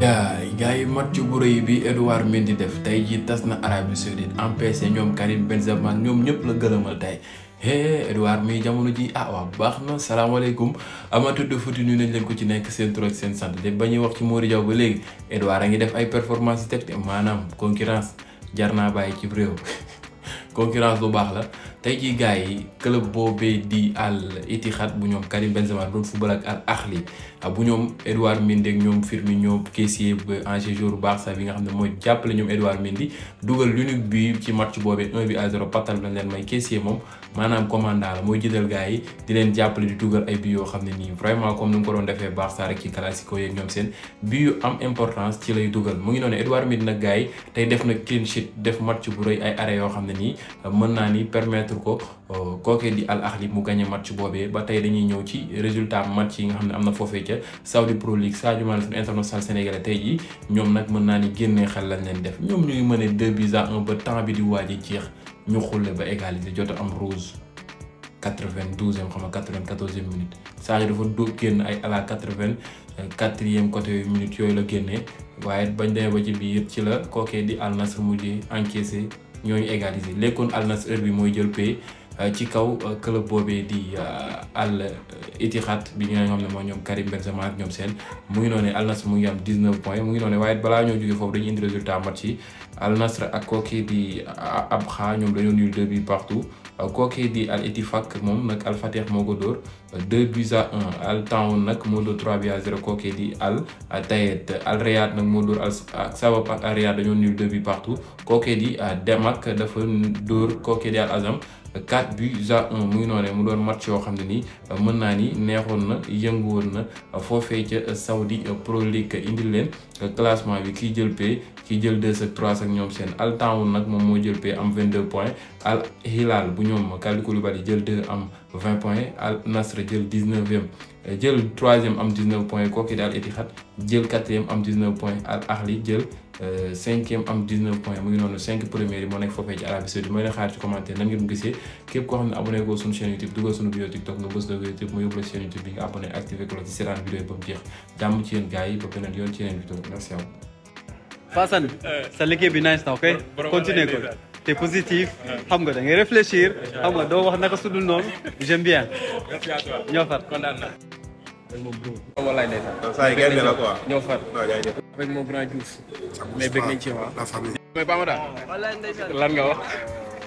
gars yi match bu rëy bi Edouard di def tey jii tas na Arabie Saoudite empêché ñoom Karim Benzema ñoom ñëpp la gëlëmal tey hé Edouard jamono ji ah waaw baax na salaamaaleykum amateur de foot ñu nañ leen ko ci nekk seen tur seen sant de ba ñuy wax ci Mory Diaw ba léegi Edouard a ngi def ay performance yu teg maanaam concurrence jar naa bàyyi cib réew concurrence bu baax la. tey jii gars yi club boobee di Al Ittihad bu ñoom Karim Benzema doon football ak Al Ahli ah, bu ñoom Edouard Mendy ak ñoom Firmino Kessié ba ancien joueur Barça bi nga xam ne mooy jàppale ñoom Edouard Mendy dugal l'unique bi ci match boobe 1 bi à patal lañ leen may Kessié moom maanaam commandant la mooy jiital gars yi di leen jàppale di dugal ay bi yoo xam ne nii vraiment comme ni mu ko doon defee Barça rek ci classico yeeg ñoom seen bi yu am importance ci lay dugal mu ngi noonu Edouard Mendy nag gars yi tey def na clean def match bu rëy ay yoo xam ne nii permettre ko euh, kookee di Al Ahli mu gagné match boobee ba tey dañuy ñëw ci résultat match yi nga xam ne am na foofee ca Saudi Pro League Sadio Mané suñu international sénégalais tey jii ñoom nag mën naa ni génnee xel lañ leen def ñoom ñuy mën a deux buts à un ba temps bi di waaj a jeex ñu xulle ba égaliser jot am rouge. 92e xam nga 94e minute Sadio dafa dó génn ay à la 84e côté minute yooyu la génnee waaye bañ demee ba ci biir ci la kookee di Al Nassr mujjee encaissé. ñooñu égaliser léegi kon Al Nassr bi mooy jël pay Euh, ci kaw euh, club boobee di euh, Al Ittihad bi nga xam ne moo ñoom Karim Benzema ak ñoom seen mu ngi noonu Al Nassr mu ngi am 19 points mu ngi noonu waaye balaa ñoo jógee foofu dañuy indi résultat match ak kooki di Abkha ñoom dañoo nul deux buts partout kooki di Al moom nag Al Fateh moo ko dóor deux buts à un Al Taoun nag moo dóor trois buts à zéro kooki di Al Tayed Al Riyad nag moo dóor Al Sabab ak Al Riyad dañoo nul deux buts partout kooki di Demak dafa dóor kooki di Al Azam 4 buts à 1 mu ngi noonee mu doon match yoo xam ne nii mën naa ni neexoon na yëngu woon na foofee ca Saudi prolique League indil leen classement bi kii jël pay kii jël 2 ak 3 ak ñoom seen Al nag moom moo jël pay am 22 points. Al Hilal bu ñoom Kalidou Koulibaly jël am 20 points Al Nasr jël 19e jël 3e am 19 points kooku daal Etihad jël 4e am 19 points Al Ahli jël 5e euh, am 19 points mu ngi noonu 5 premiers yi moo nekk foofee ci Arabie Saoudite mooy leen xaar ci commentaire nan ngeen gisee képp koo xam ne abonné ko suñu chaîne YouTube dugal suñu vidéo TikTok nga bës logo YouTube mu yóbbu la chaîne YouTube bi nga abonné activé ko la te positif xam nga da ngay réfléchir xam nga doo wax naka sudul noonu j'aime bien ñoo far kontaan na wallaay ndeysaan saa yi gerte la quoi ñoo far avec mon grand Diouf mais bëgg nañ ci waa mais Bamada lan nga wax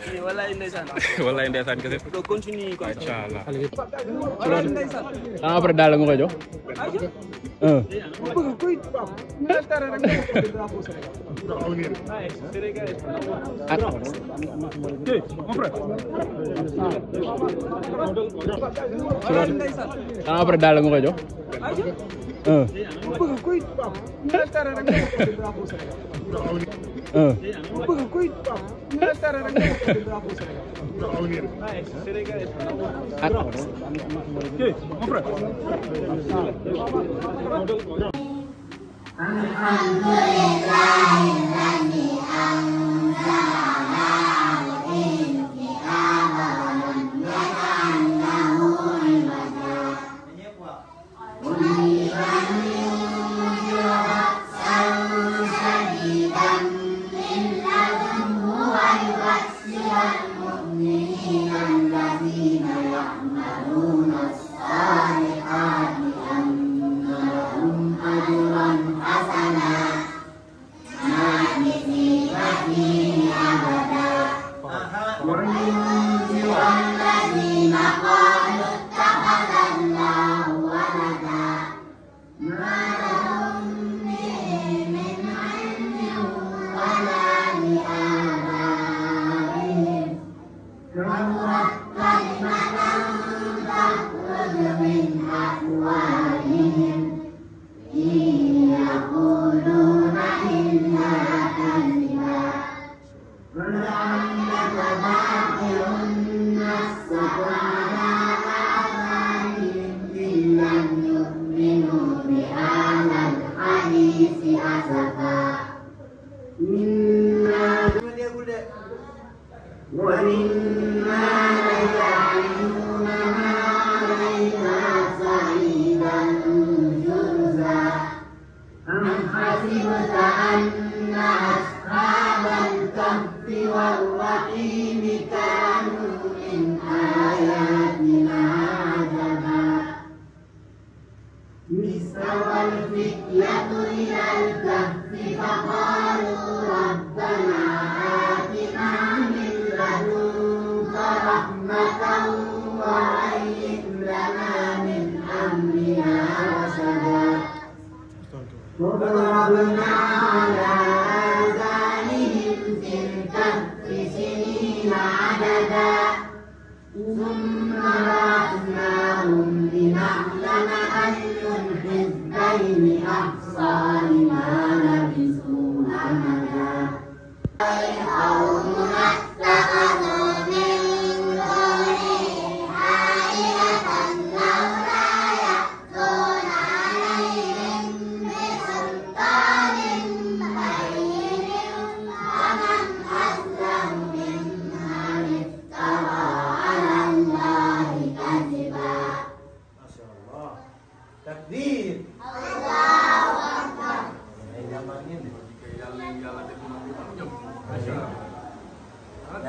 Eh, wallaay ndeysaan wallaay ndeysaan kese do continue comme ça inchallah ah après daal la Alhamdulillah الذين قالوا استوى الفتية إلى الكهف فقالوا ربنا آتنا من لدنك رحمة وهيئ لنا من أمرنا رشدا وضربنا على fi daal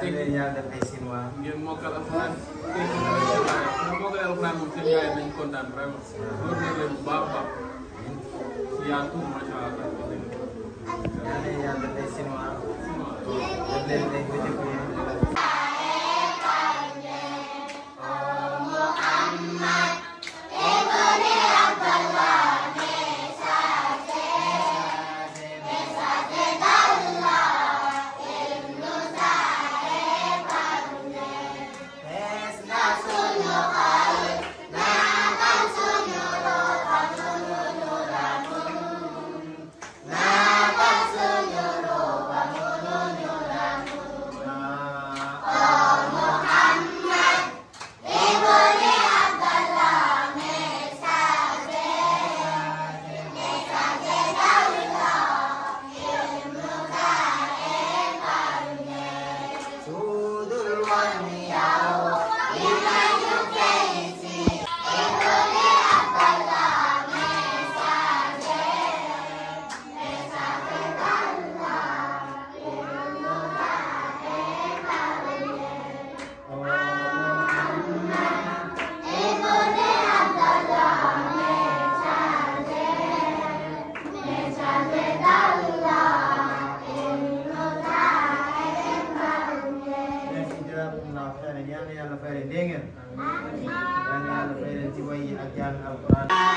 di leen yàlla def ay chinois. ngeen mokkal alxuraan. ndax mokkal alxuraan moom seen yaay dañ kontaan vraiment. loolu la leen bu baax a baax. yaatu macha allah. daal di leen yàlla def ay chinois. def leen ay Bye.